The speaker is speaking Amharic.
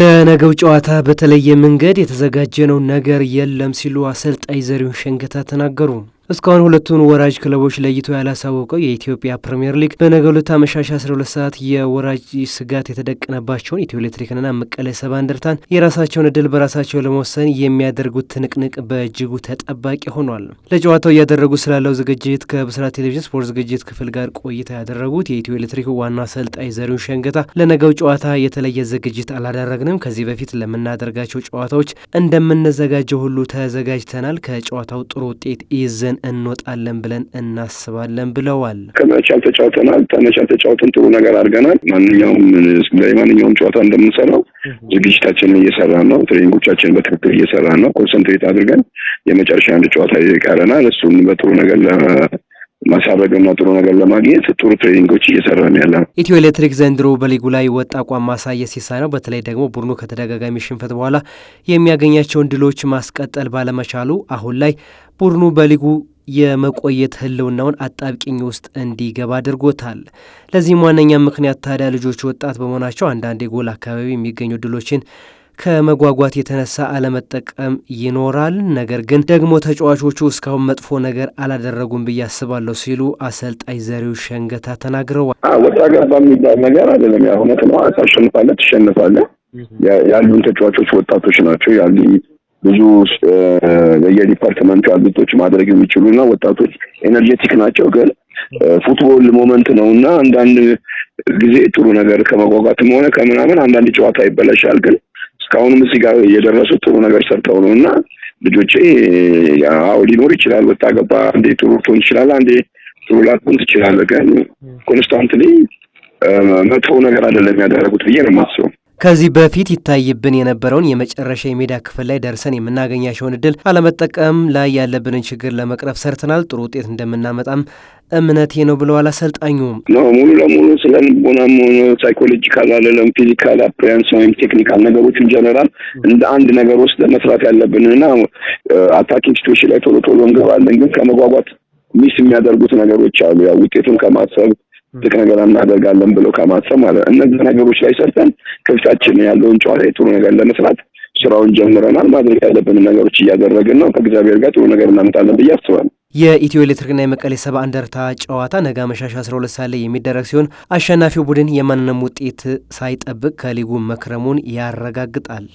ለነገው ጨዋታ በተለየ መንገድ የተዘጋጀነው ነገር የለም ሲሉ አሰልጣኝ ዘሪሁን ሸንገታ ተናገሩ። እስካሁን ሁለቱን ወራጅ ክለቦች ለይቶ ያላሳወቀው የኢትዮጵያ ፕሪምየር ሊግ በነገ ሁለት አመሻሽ 12 ሰዓት የወራጅ ስጋት የተደቀነባቸውን ኢትዮ ኤሌክትሪክንና መቀለ ሰባ እንደርታን የራሳቸውን እድል በራሳቸው ለመወሰን የሚያደርጉት ትንቅንቅ በእጅጉ ተጠባቂ ሆኗል። ለጨዋታው እያደረጉ ስላለው ዝግጅት ከብስራት ቴሌቪዥን ስፖርት ዝግጅት ክፍል ጋር ቆይታ ያደረጉት የኢትዮ ኤሌክትሪክ ዋና አሰልጣኝ ዘሪሁን ሸንገታ ለነገው ጨዋታ የተለየ ዝግጅት አላደረግንም፣ ከዚህ በፊት ለምናደርጋቸው ጨዋታዎች እንደምንዘጋጀው ሁሉ ተዘጋጅተናል። ከጨዋታው ጥሩ ውጤት ይዘን ተጫውተን እንወጣለን ብለን እናስባለን ብለዋል። ከመቻል ተጫውተናል። ከመቻል ተጫውተን ጥሩ ነገር አድርገናል። ማንኛውም ለማንኛውም ጨዋታ እንደምንሰራው ዝግጅታችንን እየሰራ ነው። ትሬኒንጎቻችን በትክክል እየሰራ ነው። ኮንሰንትሬት አድርገን የመጨረሻ አንድ ጨዋታ ይቀረናል። እሱን በጥሩ ነገር ማሳረግና ጥሩ ነገር ለማግኘት ጥሩ ትሬኒንጎች እየሰራ ነው ያለ ነው። ኢትዮ ኤሌክትሪክ ዘንድሮ በሊጉ ላይ ወጥ አቋም ማሳየት ነው። በተለይ ደግሞ ቡድኑ ከተደጋጋሚ ሽንፈት በኋላ የሚያገኛቸውን ድሎች ማስቀጠል ባለመቻሉ አሁን ላይ ቡድኑ በሊጉ የመቆየት ህልውናውን አጣብቂኝ ውስጥ እንዲገባ አድርጎታል። ለዚህም ዋነኛ ምክንያት ታዲያ ልጆቹ ወጣት በመሆናቸው አንዳንድ የጎል አካባቢ የሚገኙ ድሎችን ከመጓጓት የተነሳ አለመጠቀም ይኖራል። ነገር ግን ደግሞ ተጫዋቾቹ እስካሁን መጥፎ ነገር አላደረጉም ብዬ አስባለሁ ሲሉ አሰልጣኝ ዘሪው ሸንገታ ተናግረዋል። ወጣ ገባ የሚባል ነገር አይደለም። ያ እውነት ነው። ታሸንፋለህ፣ ትሸንፋለህ። ያሉን ተጫዋቾች ወጣቶች ናቸው ያሉ ብዙ የዲፓርትመንቱ ያሉቶች ማድረግ የሚችሉ እና ወጣቶች ኤነርጄቲክ ናቸው። ግን ፉትቦል ሞመንት ነው እና አንዳንድ ጊዜ ጥሩ ነገር ከመጓጓትም ሆነ ከምናምን አንዳንድ ጨዋታ ይበላሻል ግን እስካሁንም እዚህ ጋር እየደረሱ ጥሩ ነገር ሰርተው ነው እና ልጆቼ ያው ሊኖር ይችላል። ወጣ ገባ፣ አንዴ ጥሩ ልትሆን ትችላለህ፣ አንዴ ጥሩ ላትሆን ትችላለህ። ግን ኮንስታንትሊ መጥፎ ነገር አይደለም ያደረጉት ብዬ ነው የማስበው። ከዚህ በፊት ይታይብን የነበረውን የመጨረሻ የሜዳ ክፍል ላይ ደርሰን የምናገኛቸውን እድል አለመጠቀም ላይ ያለብንን ችግር ለመቅረፍ ሰርተናል። ጥሩ ውጤት እንደምናመጣም እምነቴ ነው ብለዋል አሰልጣኙ። ሙሉ ለሙሉ ስለ ልቦናም ሆነ ሳይኮሎጂካል አለለም ፊዚካል አፕሪያንስ ወይም ቴክኒካል ነገሮቹን ጀነራል እንደ አንድ ነገር ውስጥ መስራት ያለብን እና አታኪንግ ሲትዌሽን ላይ ቶሎ ቶሎ እንገባለን። ግን ከመጓጓት ሚስ የሚያደርጉት ነገሮች አሉ። ያው ውጤቱን ከማሰብ ትልቅ ነገር እናደርጋለን ብለው ከማሰብ ማለት እነዚህ ነገሮች ላይ ሰርተን ከፊታችን ያለውን ጨዋታ የጥሩ ነገር ለመስራት ስራውን ጀምረናል። ማድረግ ያለብንን ነገሮች እያደረግን ነው። ከእግዚአብሔር ጋር ጥሩ ነገር እናመጣለን ብዬ አስባለሁ። የኢትዮ ኤሌክትሪክና የመቀሌ ሰባ እንደርታ ጨዋታ ነገ አመሻሽ 12 ሰዓት ላይ የሚደረግ ሲሆን አሸናፊው ቡድን የማንንም ውጤት ሳይጠብቅ ከሊጉ መክረሙን ያረጋግጣል።